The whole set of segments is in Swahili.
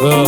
Oh.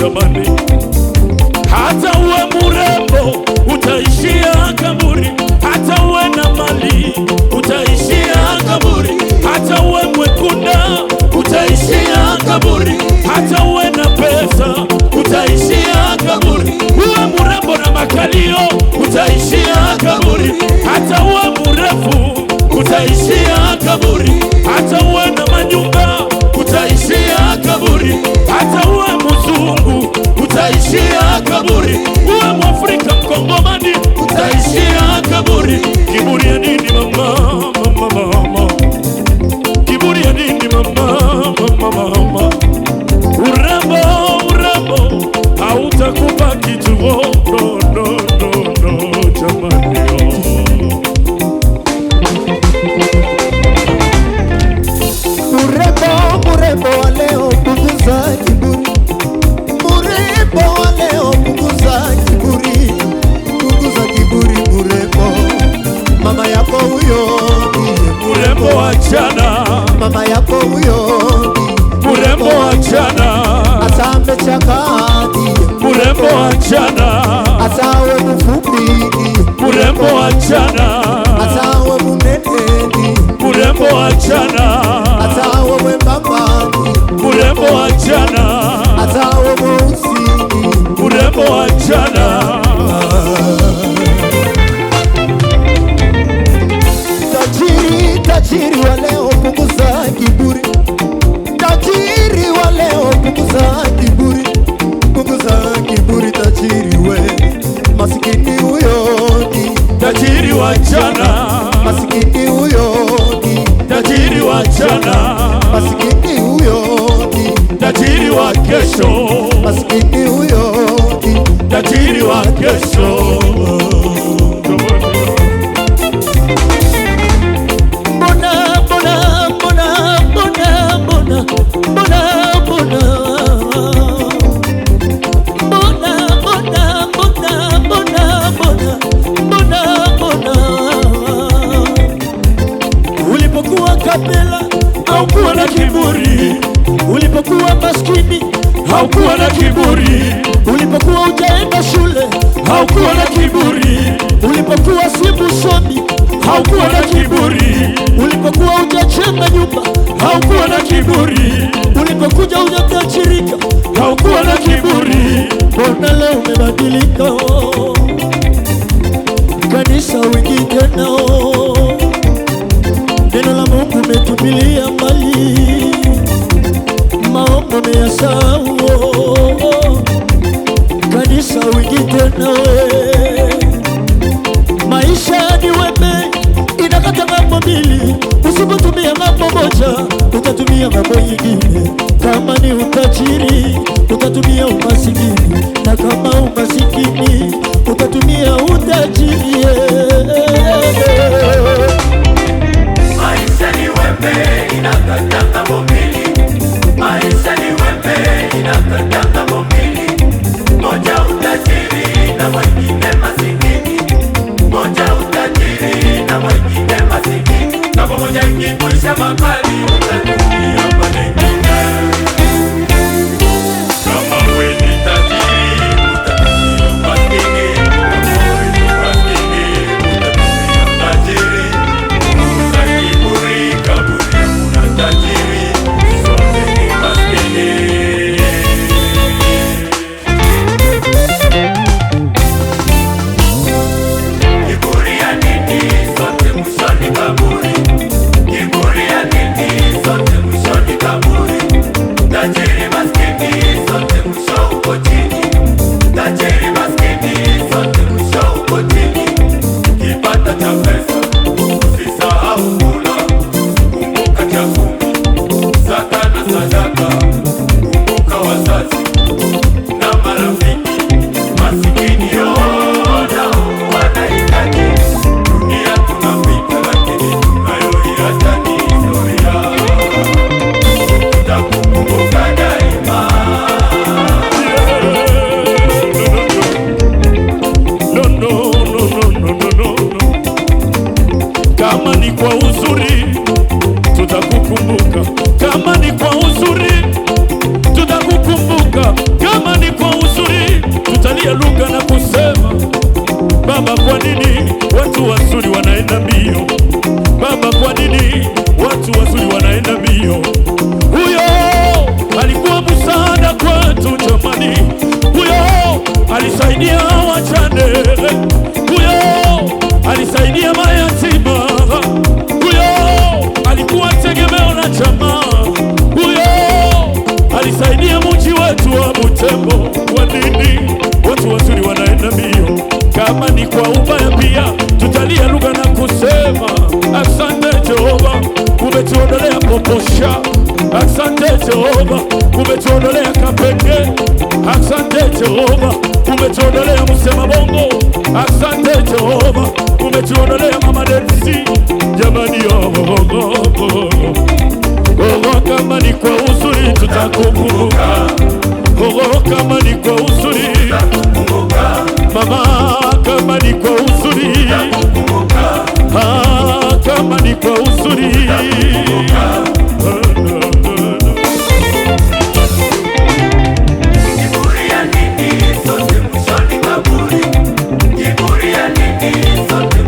jamani, hata uwe murembo utaishia kaburi, hata uwe na mali utaishia kaburi, hata uwe mwekunda utaishia kaburi, hata uwe na pesa utaishia kaburi, uwe murembo na makalio utaishia kaburi, hata uwe murefu utaishia kaburi, hata uwe na manyumba kaburi. Uwe Mwafrika Mkongomani, utaishia kaburi. Kiburi ya nini mama, mama, mama? Kiburi ya nini mama, mama, mama? Urembo, urembo hautakupa kitu. Oh, no, no, no, no, jamani oh. mrembo wa jana, mama yako huyo, mrembo wa jana, asambe chakati, mrembo wa jana, asawe mfupi, mrembo wa jana, asawe mnene, mrembo wa jana, asawe mwembamba, mrembo wa jana, asawe mweusi, mrembo wa jana jana, maskini huyo ni tajiri wa kesho, maskini huyo ni tajiri wa kesho. umetuonolea mama Densi, jamani oh, oh, oh, oh, kama ni kwa uzuri tutakumbuka, oh, kama ni kwa uzuri mama, kama ni kwa uzuri ah, kama ni kwa uzuri Thank you.